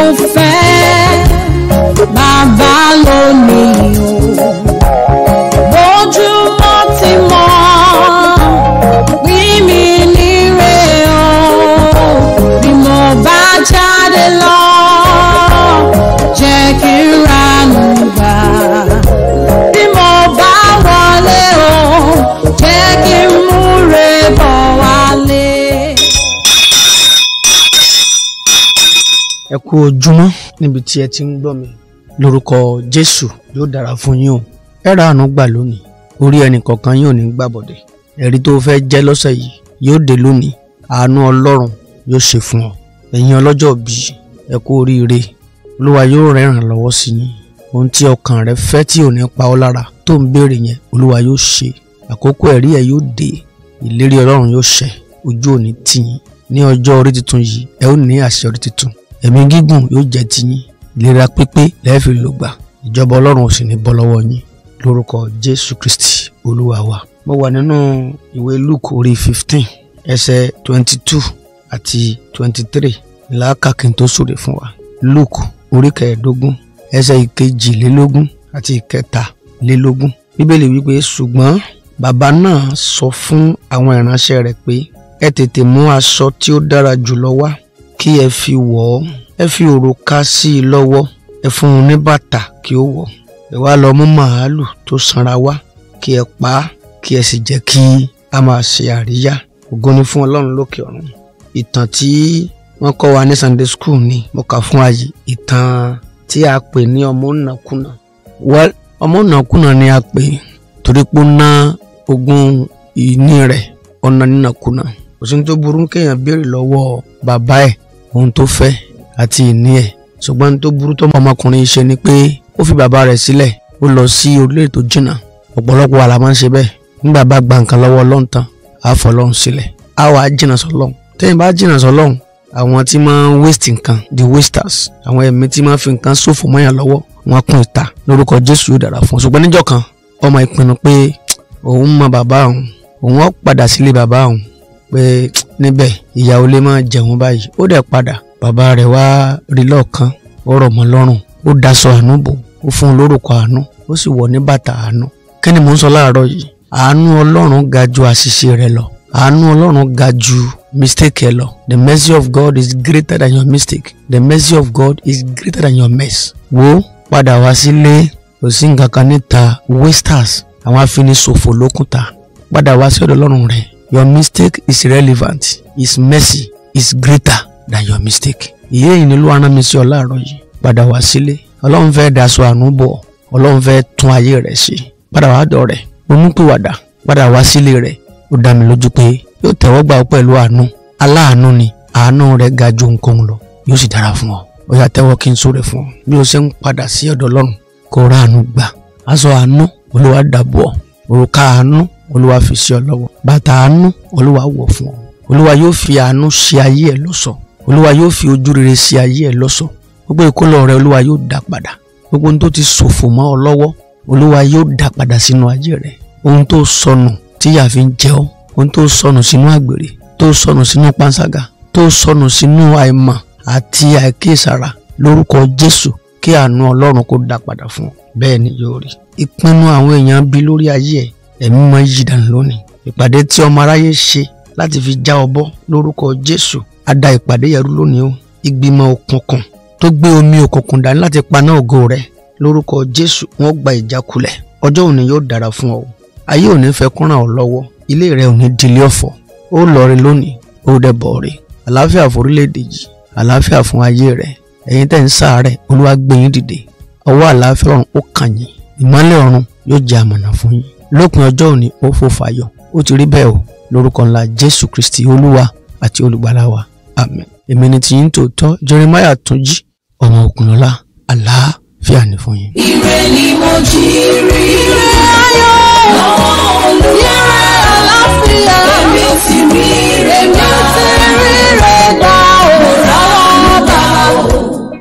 com fé, dá ẹ kú ojúmọ́ níbi tí ẹ ti ń gbọ́ mi lórúkọ jésù yóò dára fún yín o ẹ ra àánú gbà lónìí orí ẹnìkọ̀ọ̀kan yóò ní gbàbọ̀dẹ̀ ẹ̀rí tó fẹ́ jẹ́ lọ́sẹ̀ yìí yóò dé lónìí àánú ọlọ́run yóò ṣe fún ọ ẹ̀yin ọlọ́jọ́ bí ẹ kú oríire olúwa yóò rẹ́ràn lọ́wọ́ sí yín ohun tí ọkàn rẹ fẹ́ tí ò ní pa ọ́ lára tó ń béèrè yẹn olúwa yóò ṣe àkókò ẹ̀rí ẹ yóò dé ìlérí ọlọ́run yóò ṣẹ ojú òní tì yín ní ọjọ́ orí tuntun yìí ẹ ó ní àṣeyọrí tuntun ẹ̀mí gígùn yóò jẹ́ tiyín ìlera pípé lẹ́ẹ̀fì ló gbà ìjọba ọlọ́run ò sì ní bọ́ lọ́wọ́ yín lórúkọ jésù kristi olúwa wa. mo wà nínú ìwé luke orí fifteen ẹsẹ̀ twenty two àti twenty three làákàkín tó sòrè fún wa luke orí kẹẹ̀ẹ́dógún ẹsẹ̀ ìkejìlélógún àti ìkẹtàlélógún bíbélì wípé ṣùgbọ́n bàbá náà sọ fún àwọn ìránṣẹ́ rẹ̀ pé ẹ tètè mú aṣọ tí ó dára jùlọ wá kí ẹ fi wọ̀ ọ́ ẹ fi òrùka sí i lọ́wọ́ ẹ fún un ní bàtà kí ó wọ̀ ẹ wá lọ mú màálù tó sanra wá kí ẹ pa á kí ẹ sì jẹ́ kí a máa ṣe àríyá ògo ni fún ọlọ́run lókè ọ̀run ìtàn tí wọ́n kọ́ wa ní Sunday school ni mo kà fún ayé ìtàn tí a pè ní ọmọ ònàkúnà ọmọ ònàkúnà ni a pè torí pé ó ná ogún ìní rẹ̀ ọ̀nà nínàkúnà kò tó burú kéèyàn béèrè lọ́wọ́ bàbá ẹ̀ ohun tó fẹ́ àti ìní ẹ̀ ṣùgbọ́n tó burú tó mọ̀ ọmọkùnrin ṣe ni pé ó fi bàbá rẹ̀ sílẹ̀ ó lọ sí orílẹ̀ tó jìnnà ọ̀pọ̀lọpọ̀ wà la máa ń ṣe bẹ́ẹ̀ nígbà bá gba nǹkan lọ́wọ́ Ọlọ́run tán á fọlọ́run sílẹ̀ á wàá jìnnà sọlọ́run tẹ́yìn bá jìnnà sọlọ́run àwọn tí máa ń waste nǹkan the wasters àwọn ẹ̀mí tí máa ń fi nǹkan ṣòfò mọ́yàn lọ́wọ́ wọn kún ìta lórúkọ Jésù yóò dára fún un ṣùgbọ́n níjọ́ kan ọmọ ìpinnu pé òun mọ bàbá òun òun ó padà sílé bàbá òun pé níbẹ̀ ìyàwó lè máa jẹun báyìí ó dẹ̀ padà bàbá rẹ̀ wá rí lọ́ọ̀kan ó rọ̀ mọ́ lọ́rùn ó daṣọ àánú bò ó fún un lórúkọ àánú ó sì wọ̀ ní bàtà àánú kí ni mò ń sọ láàárọ̀ yìí àánú ọlọ́run ga ju àṣìṣe rẹ lọ àánú ọlọ́run ga ju mistake ẹ lọ the mercy of God is greater than your mistake the mercy of God is greater than your mess wo padà wá sílé kò nǹkan kan níta wasters àwọn afiniṣòfò lókùtà padà wá sí ọ̀dọ̀ ọlọ́run rẹ̀ your mistake is relevant his mercy is greater than your mistake. ìyé yìí ni ló rán mi sí ọ láàárọ̀ yìí padà wá sílé ọlọ́run fẹ́ daṣọ àánú bọ̀ ọlọ́run fẹ́ tún ayé rẹ̀ ṣe padà wá dọ̀ rẹ̀ ronúpìwàdà padà wá sílé rẹ̀ ó dá mi lójú pé yóò tẹ̀wọ́ gbà ọ́ pẹ̀lú àánú aláàánú ni àánú rẹ̀ ga ju nǹkan lọ yóò sì dára fún ọ ó yá tẹ́wọ́ kí n súre fún ọ bí o ṣe ń padà sí ọ̀dọ̀ ọlọ́run kó rà àánú gbà aṣọ àánú olúwa dàbọ̀ òrùka àánú olúwa fi sí ọ lọ́wọ́ bàtà àánú olúwa wọ̀ fún ọ olúwa yóò fi àánú ṣe ayé ẹ lọ́ṣọ̀ọ́ olúwa yóò fi ojú rere ṣe ayé ẹ lọ́ṣọ̀ọ́ gbogbo ìkólọ rẹ olúwa yóò dá padà gbogbo ohun tó ti ṣòfò mọ́ ọ lọ́wọ́ olúwa yóò dá padà sínú ayé rẹ ohun tó sọnù tíyà fi ń jẹ ọ́ ohun tó sọnù sínú àgbèrè tó sọnù sínú panṣágà tó sọnù sínú àìmọ̀ àti àìkíyèsára lórúkọ jésù kí àánú ọlọ́run kó dá padà fún ọ bẹ́ẹ̀ ni yóò rí ìpinnu àwọn èèyàn bí lórí ayé ẹ̀ ẹ̀mí mọ́ yí dànù lónìí ìpàdé tí ọmọ aráyé ṣe láti fi já ọbọ lórúkọ Jésù á ìpàdé yẹrú lónìí o ìgbìmọ̀ òkùnkùn tó gbé omi òkùnkùn dání láti paná ògo rẹ lórúkọ Jésù wọn gba ìjákulẹ̀ ọjọ́ òní yóò dára fún ọ ayé òní fẹ́ kúnra ọ lọ́wọ́ ilé rẹ òní dilé ọ̀fọ̀ ó lọrí lónìí ó dẹ̀ bọ̀ rí àlàáfíà fún orílẹ̀-èdè yìí àlàáfíà fún ayé rẹ ẹ̀yin tẹ̀ ń ṣàárẹ̀ Olúwa gbé dìde ọwọ́ àlàáfíà ọ̀run ó kàn yín ìmọ́lẹ̀ ọ̀run yóò jẹ́ àmọ̀nà fún yín lópin ọjọ́ òní ó fò fàyọ̀ ó ti rí bẹ́ẹ̀ o lórúkọ ńlá Jésù Kristi Olúwa àti Olùgbàlà wa àmín èmi ni tiyín tòótọ́ Jeremiah Túnjí ọmọ Òkùnlọ́lá àlàáfíà ni fún yín. ire mo jí rí ayọ̀.